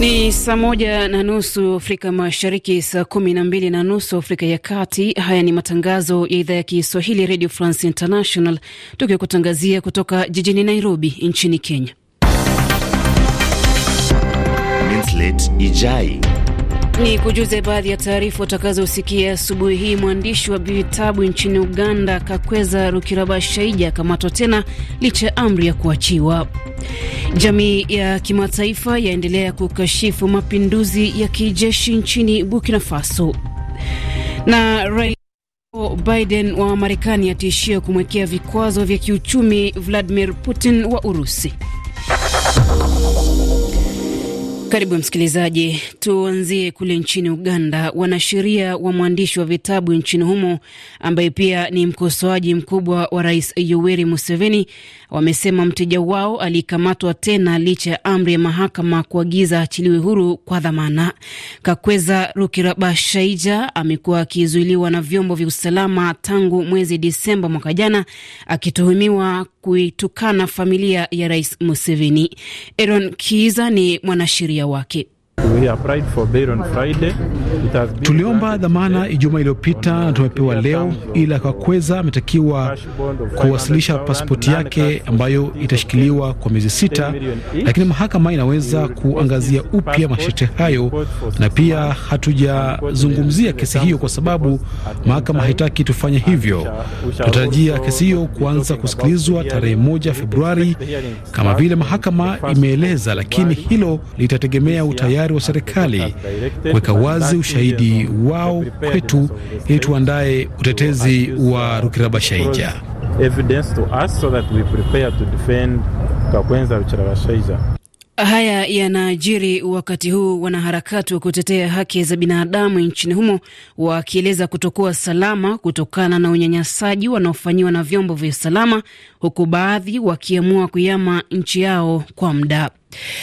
Ni saa moja na nusu Afrika Mashariki, saa kumi na mbili na nusu Afrika ya Kati. Haya ni matangazo ya idhaa ya Kiswahili Radio France International, tukikutangazia kutoka jijini Nairobi nchini Kenya. Ijai ni kujuze baadhi ya taarifa utakazosikia asubuhi hii. Mwandishi wa vitabu nchini Uganda Kakweza rukiraba shaija akamatwa tena licha ya amri ya kuachiwa. Jamii ya kimataifa yaendelea kukashifu mapinduzi ya kijeshi nchini Burkina Faso, na Rais Biden wa Marekani atishia kumwekea vikwazo vya kiuchumi Vladimir Putin wa Urusi. Karibu msikilizaji, tuanzie kule nchini Uganda. Wanasheria wa mwandishi wa vitabu nchini humo ambaye pia ni mkosoaji mkubwa wa Rais Yoweri Museveni wamesema mteja wao alikamatwa tena licha ya amri ya mahakama kuagiza achiliwe huru kwa dhamana. Kakweza shaija amekuwa akizuiliwa na vyombo vya usalama tangu mwezi Disemba mwaka jana, akituhumiwa kuitukana familia ya Rais Museveni. Aaron Kiiza ni mwanasheria raia wake. Tuliomba dhamana Ijumaa iliyopita, tumepewa leo, ila akakweza ametakiwa kuwasilisha pasipoti yake ambayo itashikiliwa kwa miezi sita, lakini mahakama inaweza kuangazia upya masharti hayo, na pia hatujazungumzia kesi hiyo kwa sababu mahakama haitaki tufanye hivyo. Tunatarajia kesi hiyo kuanza kusikilizwa tarehe moja Februari kama vile mahakama imeeleza, lakini hilo litategemea utayari wa wa serikali kuweka wazi ushahidi wao kwetu ili tuandaye utetezi uh, wa Rukirabashaija. Haya yanajiri wakati huu wanaharakati wa kutetea haki za binadamu nchini humo wakieleza kutokuwa salama kutokana na unyanyasaji wanaofanyiwa na vyombo vya usalama, huku baadhi wakiamua kuyama nchi yao kwa muda.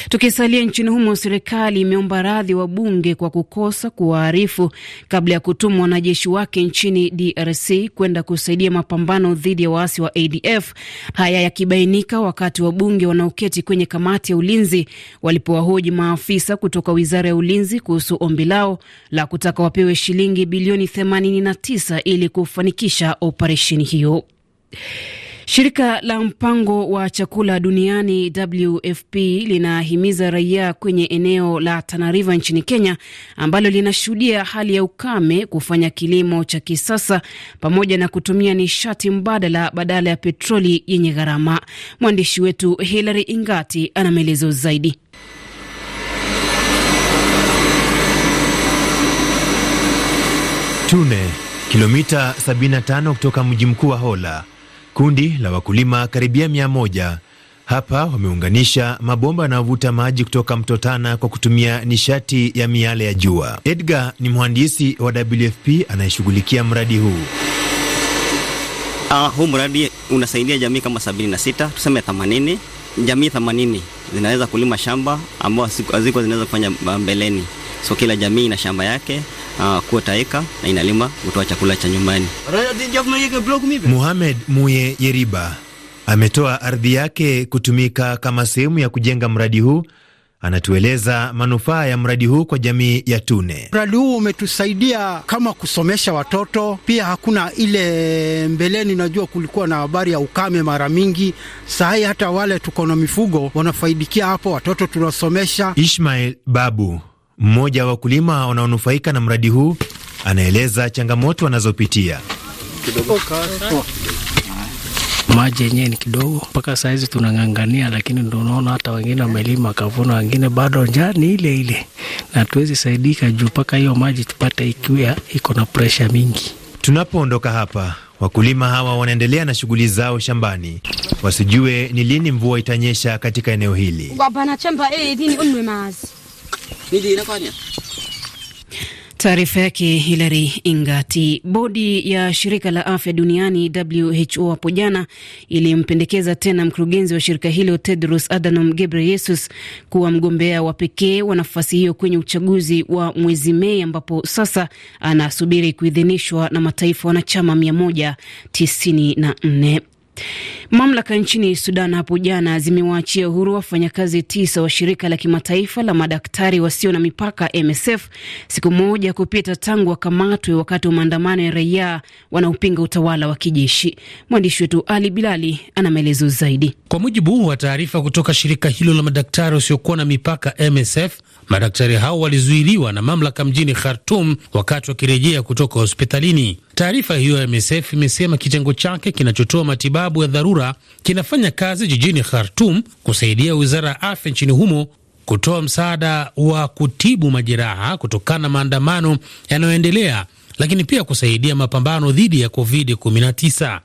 Tukisalia nchini humo, serikali imeomba radhi wa bunge kwa kukosa kuwaarifu kabla ya kutumwa wanajeshi wake nchini DRC kwenda kusaidia mapambano dhidi ya waasi wa ADF. Haya yakibainika wakati wa bunge wanaoketi kwenye kamati ya ulinzi walipowahoji maafisa kutoka wizara ya ulinzi kuhusu ombi lao la kutaka wapewe shilingi bilioni 89 ili kufanikisha operesheni hiyo. Shirika la mpango wa chakula duniani WFP linahimiza raia kwenye eneo la Tana River nchini Kenya ambalo linashuhudia hali ya ukame kufanya kilimo cha kisasa pamoja na kutumia nishati mbadala badala ya petroli yenye gharama. Mwandishi wetu Hilary Ingati ana maelezo zaidi. Tune kilomita 75 kutoka mji mkuu wa Hola Kundi la wakulima karibia mia moja hapa wameunganisha mabomba yanayovuta maji kutoka mto Tana kwa kutumia nishati ya miale ya jua. Edgar ni mhandisi wa WFP anayeshughulikia mradi huu. Uh, huu mradi unasaidia jamii kama sabini na sita tuseme themanini jamii themanini zinaweza kulima shamba ambao hazikuwa zinaweza kufanya ah, mbeleni. So kila jamii ina shamba yake uh, kuwa taeka na inalima kutoa chakula cha nyumbani. Muhamed Muye Yeriba ametoa ardhi yake kutumika kama sehemu ya kujenga mradi huu. Anatueleza manufaa ya mradi huu kwa jamii ya Tune. Mradi huu umetusaidia kama kusomesha watoto, pia hakuna ile mbeleni, najua kulikuwa na habari ya ukame mara mingi. Sahii hata wale tuko na mifugo wanafaidikia hapo, watoto tunasomesha. Ishmael Babu mmoja wa wakulima wanaonufaika na mradi huu anaeleza changamoto wanazopitia. Maji yenyewe ni kidogo, mpaka sahizi tunang'ang'ania, lakini ndo unaona hata wengine wamelima kavuna, wengine bado njaa ni ile ile, na tuwezi saidika juu mpaka hiyo maji tupate ikiwa iko na presha mingi. Tunapoondoka hapa, wakulima hawa wanaendelea na shughuli zao shambani, wasijue ni lini mvua itanyesha katika eneo hili. Taarifa yake Hilary Ingati. Bodi ya shirika la afya duniani WHO hapo jana ilimpendekeza tena mkurugenzi wa shirika hilo Tedros Adhanom Ghebreyesus kuwa mgombea wa pekee wa nafasi hiyo kwenye uchaguzi wa mwezi Mei, ambapo sasa anasubiri kuidhinishwa na mataifa wanachama 194. Mamlaka nchini Sudan hapo jana zimewaachia uhuru wafanyakazi tisa wa shirika la kimataifa la madaktari wasio na mipaka MSF siku moja kupita tangu wakamatwe wakati wa maandamano ya raia wanaopinga utawala wa kijeshi. Mwandishi wetu Ali Bilali ana maelezo zaidi. Kwa mujibu wa taarifa kutoka shirika hilo la madaktari wasiokuwa na mipaka MSF, madaktari hao walizuiliwa na mamlaka mjini Khartum wakati wakirejea kutoka hospitalini. Taarifa hiyo ya MSF imesema kitengo chake kinachotoa matibabu ya dharura dharura kinafanya kazi jijini Khartum kusaidia wizara ya afya nchini humo kutoa msaada wa kutibu majeraha kutokana na maandamano yanayoendelea, lakini pia kusaidia mapambano dhidi ya COVID-19.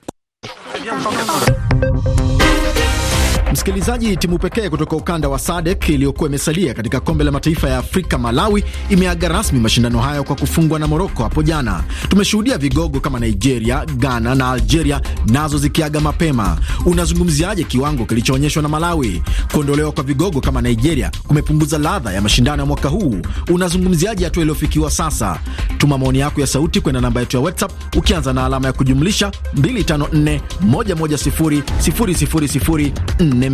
Msikilizaji, timu pekee kutoka ukanda wa SADC iliyokuwa imesalia katika kombe la mataifa ya Afrika, Malawi, imeaga rasmi mashindano hayo kwa kufungwa na Moroko hapo jana. Tumeshuhudia vigogo kama Nigeria, Ghana na Algeria nazo zikiaga mapema. Unazungumziaje kiwango kilichoonyeshwa na Malawi? Kuondolewa kwa vigogo kama Nigeria kumepunguza ladha ya mashindano ya mwaka huu. Unazungumziaje hatua iliyofikiwa sasa? Tuma maoni yako ya sauti kwenda namba yetu ya WhatsApp ukianza na alama ya kujumlisha 254 110 000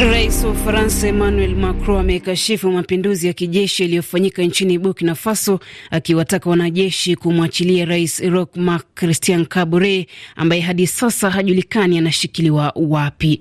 Rais wa Ufaransa Emmanuel Macron amekashifu mapinduzi ya kijeshi yaliyofanyika nchini Burkina Faso, akiwataka wanajeshi kumwachilia Rais Roch Marc Christian Kabore ambaye hadi sasa hajulikani anashikiliwa wapi.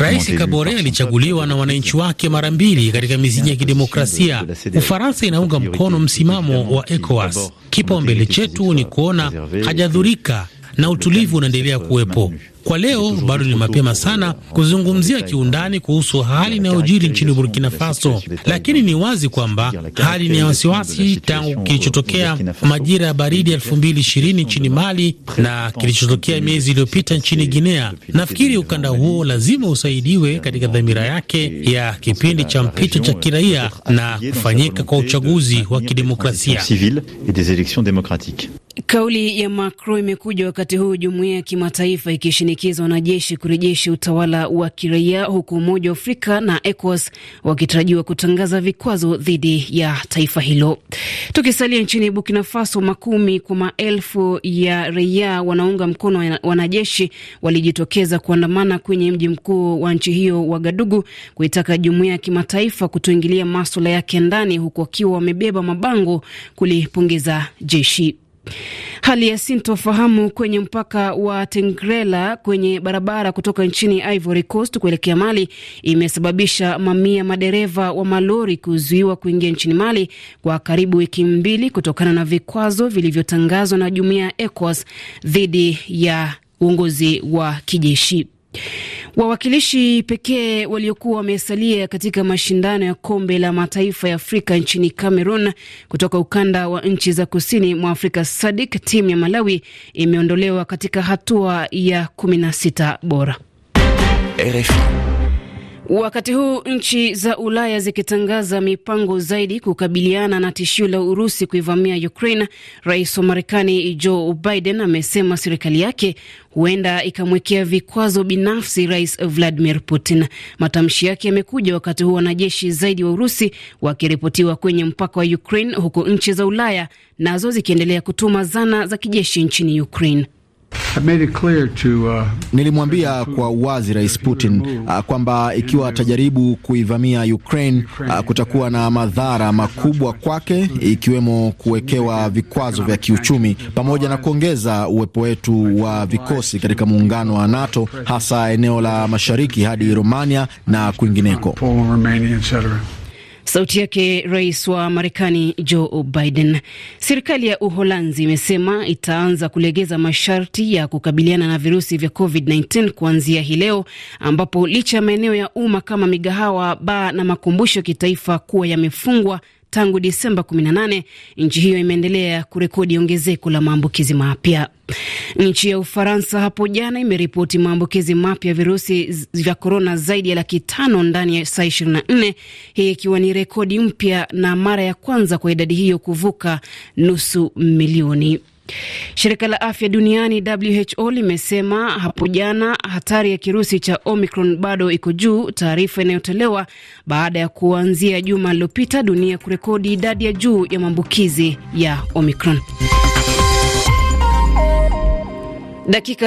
Rais Kabore alichaguliwa na wananchi wake mara mbili katika misingi ya kidemokrasia. Ufaransa inaunga mkono msimamo wa ECOWAS. Kipaumbele chetu ni kuona hajadhurika na utulivu unaendelea kuwepo. Kwa leo bado ni mapema sana kuzungumzia kiundani kuhusu hali inayojiri nchini Burkina Faso, lakini ni wazi kwamba hali ni ya wasiwasi tangu kilichotokea majira ya baridi elfu mbili ishirini nchini Mali na kilichotokea miezi iliyopita nchini Guinea. Nafikiri ukanda huo lazima usaidiwe katika dhamira yake ya kipindi cha mpito cha kiraia na kufanyika kwa uchaguzi wa kidemokrasia. Kauli ya Macron imekuja wakati huu jumuiya ya kimataifa ikishinikiza wanajeshi kurejesha utawala wa kiraia huku Umoja wa Afrika na ECOWAS wakitarajiwa kutangaza vikwazo dhidi ya taifa hilo. Tukisalia nchini Burkina Faso, makumi kwa maelfu ya raia wanaunga mkono wanajeshi walijitokeza kuandamana kwenye mji mkuu wa nchi hiyo Wagadugu, kuitaka jumuiya ya kimataifa kutoingilia maswala yake ndani, huku wakiwa wamebeba mabango kulipongeza jeshi. Hali ya sintofahamu kwenye mpaka wa Tengrela kwenye barabara kutoka nchini Ivory Coast kuelekea Mali imesababisha mamia madereva wa malori kuzuiwa kuingia nchini Mali kwa karibu wiki mbili kutokana na vikwazo vilivyotangazwa na jumuiya ya ECOWAS dhidi ya uongozi wa kijeshi. Wawakilishi pekee waliokuwa wamesalia katika mashindano ya kombe la mataifa ya Afrika nchini Cameroon kutoka ukanda wa nchi za kusini mwa Afrika SADC, timu ya Malawi imeondolewa katika hatua ya 16 bora. RFI. Wakati huu nchi za Ulaya zikitangaza mipango zaidi kukabiliana na tishio la Urusi kuivamia Ukraine, rais wa Marekani Joe Biden amesema serikali yake huenda ikamwekea vikwazo binafsi rais Vladimir Putin. Matamshi yake yamekuja wakati huu wanajeshi zaidi wa Urusi wakiripotiwa kwenye mpaka wa Ukraine, huku nchi za Ulaya nazo zikiendelea kutuma zana za kijeshi nchini Ukraine. Uh, nilimwambia kwa uwazi Rais Putin uh, kwamba ikiwa atajaribu kuivamia Ukraine uh, kutakuwa na madhara makubwa kwake, ikiwemo kuwekewa vikwazo vya kiuchumi pamoja na kuongeza uwepo wetu wa vikosi katika muungano wa NATO hasa eneo la mashariki hadi Romania na kwingineko. Sauti yake rais wa Marekani Joe Biden. Serikali ya Uholanzi imesema itaanza kulegeza masharti ya kukabiliana na virusi vya COVID-19 kuanzia hii leo, ambapo licha ya maeneo ya umma kama migahawa, baa na makumbusho ya kitaifa kuwa yamefungwa tangu Disemba 18 nchi hiyo imeendelea kurekodi ongezeko la maambukizi mapya. Nchi ya Ufaransa hapo jana imeripoti maambukizi mapya virusi vya korona zaidi ya laki tano ndani ya saa nne, hii ikiwa ni rekodi mpya na mara ya kwanza kwa idadi hiyo kuvuka nusu milioni. Shirika la afya duniani WHO limesema hapo jana hatari ya kirusi cha Omicron bado iko juu, taarifa inayotolewa baada ya kuanzia juma lililopita dunia kurekodi idadi ya juu ya maambukizi ya Omicron. Dakika